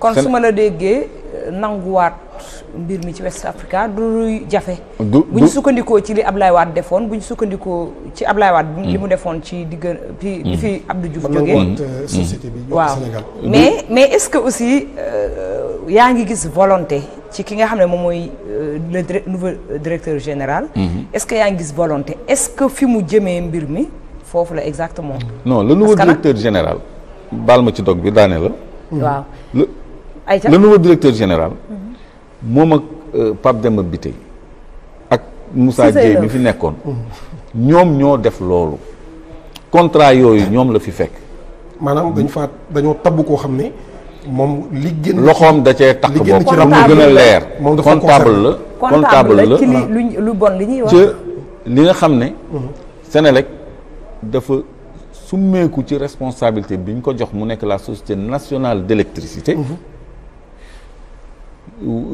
kon su ma la déggee euh, nanguwaat mbir mi ci West Africa du luy jafe. bu ñu sukkandikoo ci li Ablaye Wade defoon bu ñu sukkandikoo ci Ablaye Wade. Mm. li mu defoon ci digg ci li mm. fi Abdou Diouf jógee. Euh, société bi waaw mais mais est-ce que aussi euh, yaa ngi gis volonté ci ki nga xam ne moom mooy le nouveau directeur général. Mm-hmm. est-ce que yaa ngi gis volonté est-ce que fi mu jëmee mbir mi foofu la exactement. non le nouveau directeur général. baal ma ci dog bi daane la. waaw. Aïcha le nouveau directeur général. moom ak euh, Pape Demba Bitèye ak Moussa Dieye bi fi nekkoon. ñoom ñoo def loolu. contrat yooyu ñoom la fi fekk. maanaam dañ faa dañoo tabb koo xam ne moom li génn. loxoom da cee takk bopp pour mu gën leer. moom dafa comptable la la ci li lu bon li ñuy wax. li nga xam ne. Mhm. Sénélec dafa summeeku ci responsabilité bi ñu ko jox mu nekk la société nationale delectricité mhm.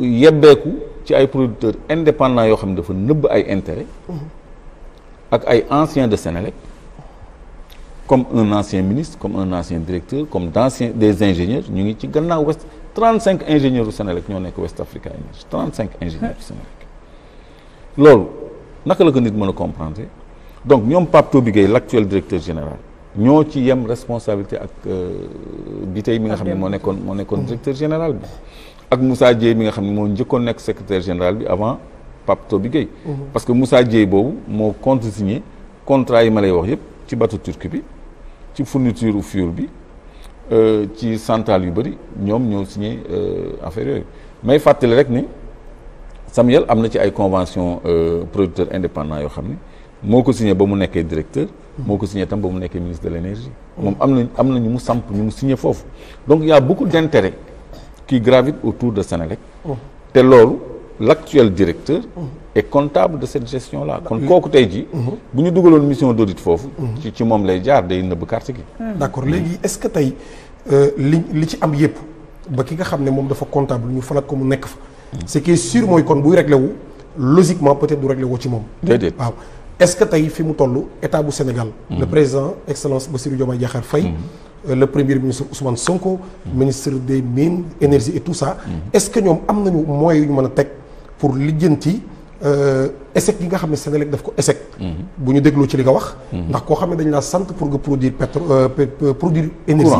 yebbeeku ci ay producteurs indépendants yoo xam ne dafa nëbb ay intérêt ak ay anciens de Sénélec comme un ancien ministre comme un ancien directeur comme d'anciens des ingénieurs ñu ngi ci gannaaw West trente cinq ingénieurs u ñoo nekk West Africa Energy trente cinq ingénieurs loolu naka la ko nit mën a comprendre donc ñoom Pape Toby Gueye l'actuel directeur général ñoo ci yem responsabilité ak euh, bi tey bi nga xam ne moo nekkoon moo nekkoon mm-hmm. directeur général bi ak Moussa Dieye mi nga xam ne moo njëkkoon nekk secrétaire général bi avant Pape bi Gueye mhm. parce que Moussa Dieye boobu moo contresigné contrat yi ma lay wax yëpp ci battu turc bi ci fourniture fuel bi euh, ci centrale yu bëri ñoom ñoo signé euh, affaire yooyu may fàttali rek ni Samuel am na ci ay convention euh, producteur indépendant yoo xam ne moo ko signé ba mu nekkee directeur moo ko signé tam ba mu nekkee ministre de l' énergie mhm. moom am na am na ñu mu samp ñu mu signé foofu donc y' a beaucoup d' intérêt qui gravitent autour de Senelec oh. te loolu l'actuel directeur mm-hmm. est comptable de cette gestion là kon mm-hmm. kooku tey jii mm-hmm. bu ñu dugaloon mission d'audit foofu ci moom lay jaar day nëbb carte gi d'accord léegi est-ce que tey euh, li li ci am yëpp ba ki nga xam ne moom dafa comptable ñu falat ko mu nekk fa ce qui est sûr mooy kon buy réglé wu logiquement peut-être du réglé ci moom déedéet waaw est-ce que tey fi mu toll état bu Sénégal le président excellence Bassirou Diomaye Diakhar Faye le premier ministre Ousmane Sonko. ministre des mines énergie et tout ça. Mm-hmm. est-ce que ñoom am nañu mooy yu ñu mën a teg pour lijjanti euh, échec yi nga xam ne Sénélec daf ko échec. Mm-hmm. bu ñu dégloo ci li nga wax. Mm-hmm. ndax koo xam ne dañu laa sant pour nga produire pétrole euh, euh, produire énergie.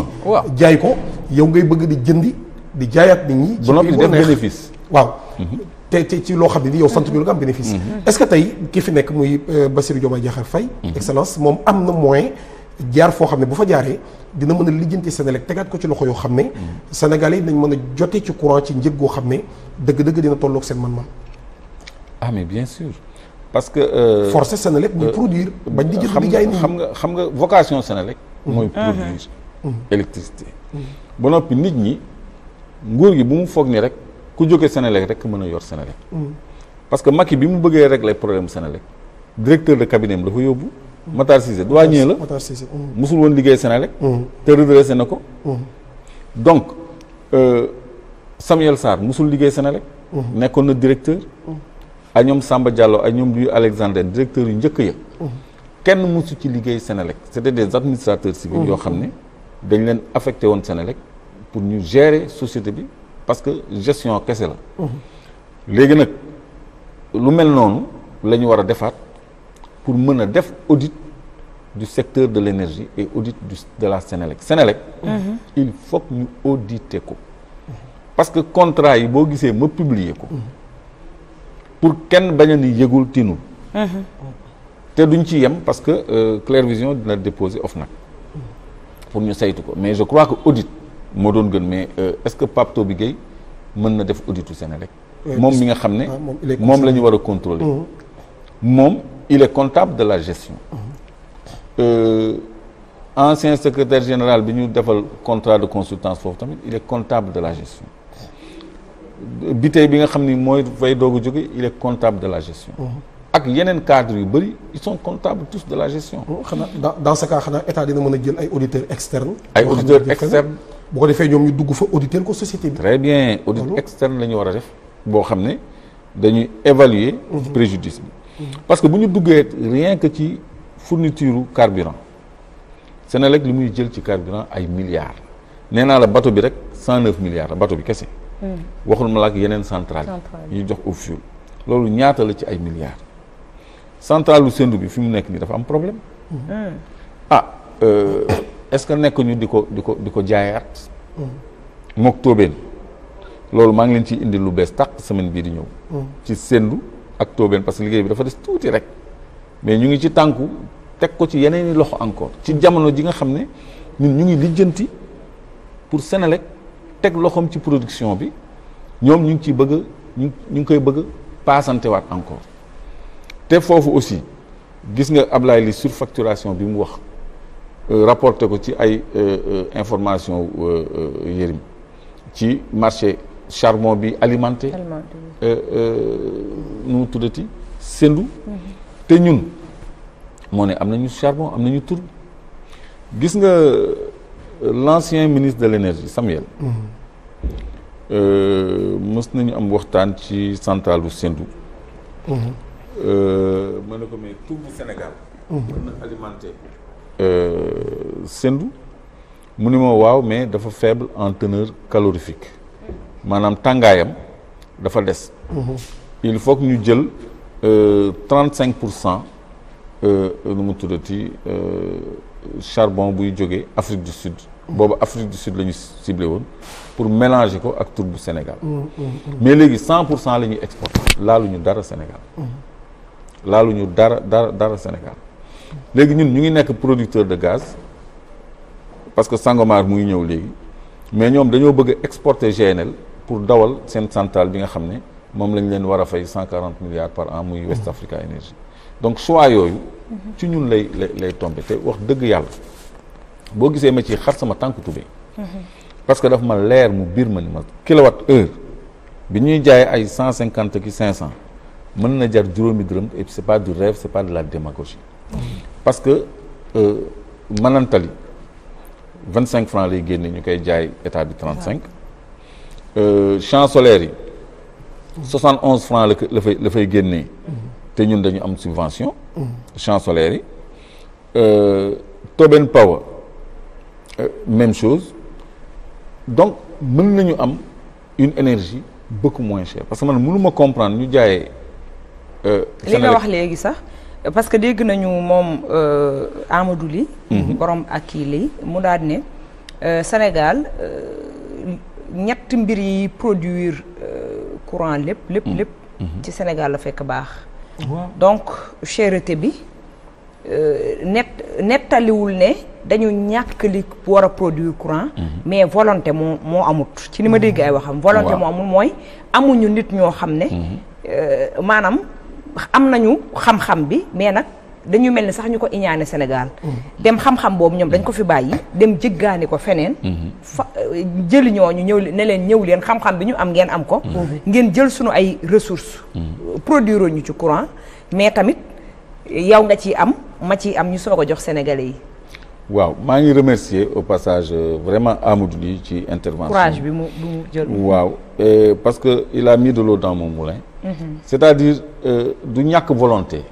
jaay ko yow ngay bëgg di jëndi di jaayaat nit ñi. ci biir def bénéfice waaw. te te ci loo xam ne ni yow sant ñu nga am bénéfice. est-ce que tey kii fi nekk muy Bassirou Diomaye Diakhar fay excellence moom am na mooy jaar foo xam ne bu fa jaaree dina mën a lijjante Senelec tegaat ko ci loxo yoo xam ne sénégalais yi dañ mën a jote ci courant ci njëg goo xam ne dëgg-dëgg dina tolloog seen man-man ah bien sûr parce que euh, forcer Senelec muy euh, produire bañ di jënd di jaay nit xam nga xam nga vocation Senelec mooy mhm. produire mhm. Mhm. électricité ba noppi nit ñi nguur gi bu mu foog ni rek ku jóge Senelec rek mën a yor Senelec parce que Macky bi mu bëggee régler problème Senelec directeur de cabinet am dafa yóbbu Matar Cissé douanier la Matar Cissé um. musul woon liggéey Sénélec um. te redressé na ko um. donc euh, Samuel Sarr mosul liggéey Sénélec nekkoon na directeur ay ñoom Samba Diallo ay ñoom Louis Alexandre directeur yu njëkk ya kenn musu ci liggéey Sénélec c'était des administrateurs civils yoo xam ne dañ leen affecté woon Sénélec pour ñu gérer société bi parce que gestion kese la léegi nag lu mel noonu lañu ñu war a defaat pour mën a def audit du secteur de l'énergie et audit du de la Sénélec Sénélec mm -hmm. il faut ñu auditer ko parce que contrat yi boo gisee ma publier ko mhm. pour kenn bañ a ni yëgul tinul mhm. te duñ ci yem parce que euh, Claire Vision dina déposer pour ñu saytu ko mais je crois que audit moo doon gën mais euh, est-ce que Pape Toby Gueye mën na def auditu Sénélec moom mi nga xam ne ah, moom la ñu war mhm. moom il est comptable de la gestion mhm. euh, ancien secrétaire général bi ñu defal contrat de consultance foofu tamit il est comptable de la gestion bi tey bi nga xam ni mooy fay doog a jóge il est comptable de la gestion mhm. ak yeneen cadre yu bëri il sont comptables tous de la gestion xanaa dans dans ce cas xanaa état dina mën a jël ay auditeurs externes ay auditeurs externes bu ko defee ñoom ñu dugg fa auditeur ko société bi très bien audit externe la ñu war a def boo xam ne dañuy évaluer mhm. préjudice bi parce que bu ñu duggee rien que ci fourniture carburant Senelec li muy jël ci carburant ay milliards nee naa la bateau bi rek cent neuf milliards bateau bi kese. Hmm. waxul ma la ak yeneen centrale yi jox au loolu ñaata la ci ay milliards centrale lu Sendou bi fi mu nekk nii dafa am problème. Hmm. ah euh, est-ce que nekk ñu di ko di ko di ko jaayaat. Hmm. mook Tobène loolu maa ngi leen ciy indi lu bees tàq semaine bii di ñëw. ci Sendou. ak tóobeen parce que liggéey bi dafa des tuuti rek mais ñu ngi ci tànku teg ko ci yeneen i loxo encore ci jamono ji nga xam ne ñun ñu ngi lijjanti pour senelek teg loxoom ci production bi ñoom ñu ngi ciy bëgg ñu ngi koy bëgg paasantewaat encore te foofu aussi gis nga Ablaye li surfacturation bi mu wax euh, rapporté ko ci ay euh, euh, information yërim ci marché charbon bi alimenté euh, euh, nu mu tuddati sendu mhm. te ñun moo ne am nañu charbon am nañu tur gis nga euh, l'ancien ministre de l'énergie Samuel mhm. mës nañu am waxtaan ci centralu sendu mhm. ma ne ko mais tout bu Sénégal mu ni ma waaw mais dafa faible en teneur calorifique maanaam tàngaayam dafa des mm-hmm. il faut ñu jël euh, trente cinq pour cent euh, nu mu tuddati euh, charbon buy jógee Afrique du Sud mm-hmm. boobu Afrique du Sud la ñu ciblé woon pour mélanger ko ak tour bu Sénégal mm-hmm. mais léegi cent pour cent la ñuy exporté laaluñu dara Sénégal ñu dara dara dara Sénégal léegi ñun ñu ngi nekk producteur de gaz parce que Sangomar muy ñëw léegi mais ñoom dañoo bëgg exporter GNL pour dawal seen centrale bi nga xam ne moom lañ leen war a fay cent quarante milliards par an muy West Africa Energy donc choix yooyu ci ñun lay lay lay tombé te wax dëgg yàlla boo gisee ma ci xar sama tànk tubéy parce que dafa ma leer mu biir ma ni ma kilowatt heure bi ñuy jaay ay cent cinquante ki cinq cent mën na jar juróomi dërëm et puis c'est pas du rêve c'est pas de la démagogie parce que euh, Manantali vingt cinq francs lay génne ñu koy jaay état bi cinq Euh, champs solaire yi soixante onze francs la la fay la fay génnee te ñun dañu am subvention champs solaire yi euh, Toben Power euh, même chose donc mën nañu am une énergie beaucoup moins chère parce que man mënuma comprendre ñu jaayee li nga wax léegi sax parce que dégg nañu moom Amadou Ly mhm. borom ak kii li mu daal ne Sénégal ñett mbir yi produire euh, courant lépp lépp mm. lépp mm-hmm. ci Sénégal la fekk baax donc cherté bi euh, net nettaliwul ne dañu ñàkk li war a produire courant mm-hmm. mais volonté moo moo amut ci ni ma dégg ay mm-hmm. waxam volonté moo amul mooy amuñu nit ñoo xam ne euh, maanaam am nañu xam-xam bi mais nag dañu mel ni sax ñu ko iñaane Sénégal dem xam-xam boobu ñoom dañ ko fi bàyyi dem jëggaani ko feneen fa jëli ñu ñëw ne leen ñëw leen xam-xam bi ñu am ngeen am ko ngeen jël suñu ay ressources produire ñu ci courant mais tamit yow nga ciy am ma ciy am ñu soog a jox sénégalais yi waaw maa ngi remercier au passage euh, vraiment Amadou Ly ci intervention courage bi mu mu jël waaw euh, parce que il a mis de l'eau dans moom moulin mhm. c'est-à-dire euh, du ñàkk volonté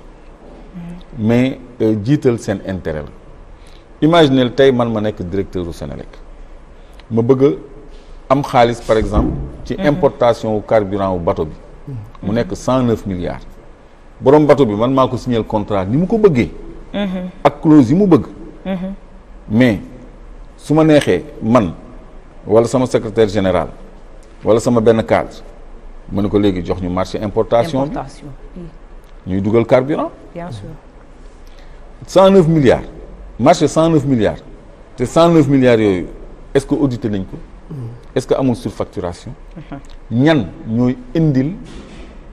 mais euh, jiital seen intérêt la imaginez tey man ma nekk directeur u Sénélec ma bëgg am xaalis par exemple ci mhm. importation wu carburant wu bateau bi mu nekk cent neuf milliards borom bateau bi man maa ko signé contrat ni mu ko bëggee mhm. ak clause yi mu bëgg mhm. mais su ma neexee man wala sama secretaire général wala sama benn cadre mu ne ko léegi jox ñu marché importation ñuy dugal carburant bien cent neuf milliards marché cent neuf milliards te cent neuf milliards yooyu est-ce que audité nañ ko mm. est-ce que amul surfacturation ñan ñooy indil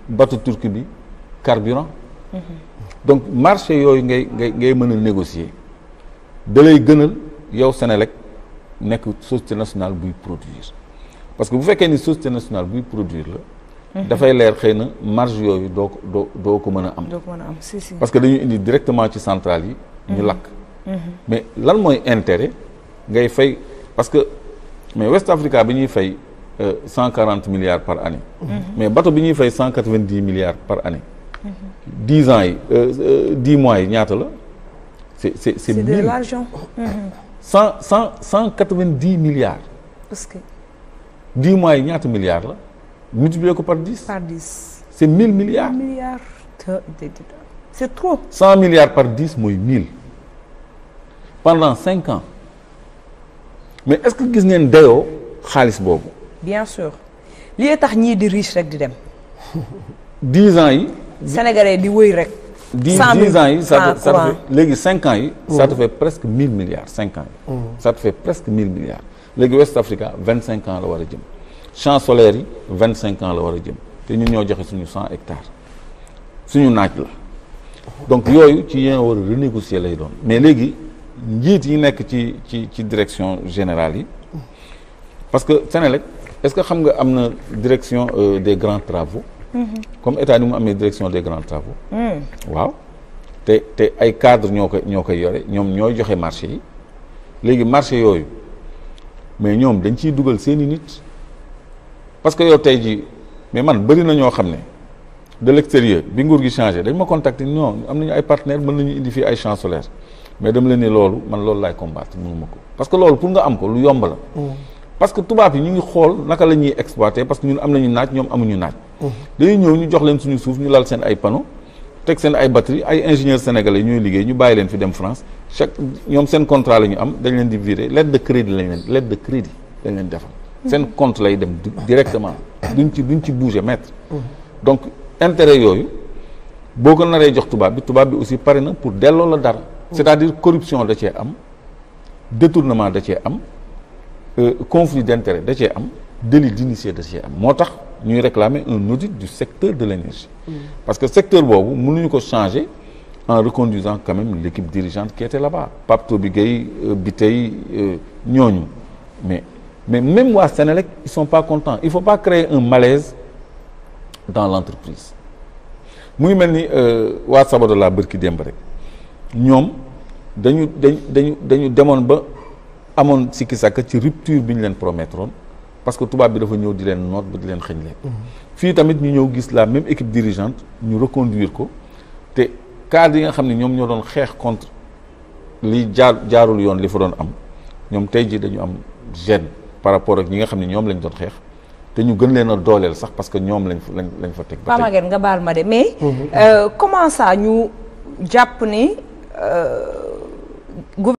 bateau turki bi carburant mm-hmm. donc marché yooyu ngay ngay ngay mën a négocier dalay lay gënal yow Senelec nekk société national buy produire parce que bu fekkee ni société national buy produire la dafay leer xëy na marge yooyu doo ko doo doo ko mën a am. am si si. parce que dañu indi directement ci central yi. ñu mhm. lakk. Mhm. mais lan mooy intérêt ngay fay parce que mais West Africa bi ñuy fay euh, cent quarante milliards par année. Mhm. mais bato bi ñuy fay cent quatre vingt dix milliards par année. dix ans yi euh, euh, dix mois yi ñaata la. c'est c'est c'est de l'argent. cent cent cent quatre vingt dix milliards. parce que dix mois yi ñaata milliards la. multiplier ko par dix. par dix. est mille milliards. milliards c' est cent milliards par dix mooy mille pendant cinq ans mais est ce que gis ngeen dayoo xaalis boobu. bien sûr li tax ñii di riche rek di dem. dix ans yi. Sénégalais di wëy rek. dix dix ans yi ça te ça léegi cinq ans yi. ça te mm. fait presque mille milliards cinq ans yi. Mm. ça te fait presque mille milliards léegi West Africa vingt cinq ans la war a jëm. champs solaire yi vingt cinq ans la war a jëm te ñun ñoo joxe suñu cent hectares suñu naaj la donc yooyu ci yéen war a renégocier lay doon mais léegi njiit yi nekk ci ci ci direction générale yi parce que Sénélec est-ce que xam nga am na direction euh, des grands travaux mm-hmm. comme état ni mu amee direction des grands travaux mm. waaw te te ay cadres ñoo koy ñoo koy yore ñoom ñooy joxe marché yi léegi marché yooyu mais ñoom dañ ciy dugal seeni nit parce que yow tey jii mais man bëri na ñoo xam ne de l'extérieur bi nguur gi changé dañ ma contacter ñoo am nañu ay partenaires mën nañu indi fii ay champs solaires mais dem leen ne loolu man loolu laay combattre mënuma ko parce que loolu pour nga am ko lu yomb la. Mm. parce que tubaab yi ñu ngi xool naka la ñuy exploiter parce que ñun am nañu naaj ñoom amuñu naaj. Mm. dañuy ñëw ñu jox leen suñu suuf ñu lal seen ay panneaux teg seen ay batterie ay ingénieurs sénégalais ñooy liggéey ñu bàyyi leen fi dem France chaque ñoom seen contrat la ñu am leen di virer lettre de crédit lañ leen lettre de seen compte lay dem directement duñ ci duñ ci bouger maître donc intérêt yooyu boo ko naree jox tubaab bi tubaab bi aussi pare na pour delloo la dara c'est-à-dire corruption da cee am détournement da cee am euh, conflit d'intérêt da cee am délit d'initié da cee am moo tax ñuy réclamer un audit du secteur de l'énergie parce que secteur boobu mënuñu ko changer en reconduisant quand même l'équipe dirigeante qui était là-bas Pape Toby Gueye euh, Bitèye euh, ñooñu mais même waa Sénélec ils sont pas contents il faut pas créer un malaise dans l'entreprise mu ngi mel ni euh, waa Sabodala bërki démb rek ñoom dañu dañ dañu dañu demoon ba amoon sikki sàkk ci rupture bi ñu leen promettroon parce que tubaab bi dafa ñëw di leen noot ba di leen xëñ leen mm-hmm. fii tamit ñu ñëw gis la même équipe dirigeante ñu reconduire ko te cadre yi nga xam ne ñoom ñoo doon xeex contre li jaar jaarul yoon li fa doon am ñoom tey jii dañu am gêne par rapport ak ñi nga xam ne ñoom lañ doon xeex te ñu gën leen a dooleel sax parce que ñoom lañ fa lañ fa teg. ba tey nga baal ma de mais. Mhm. Euh, comment ñu jàpp ni. Euh,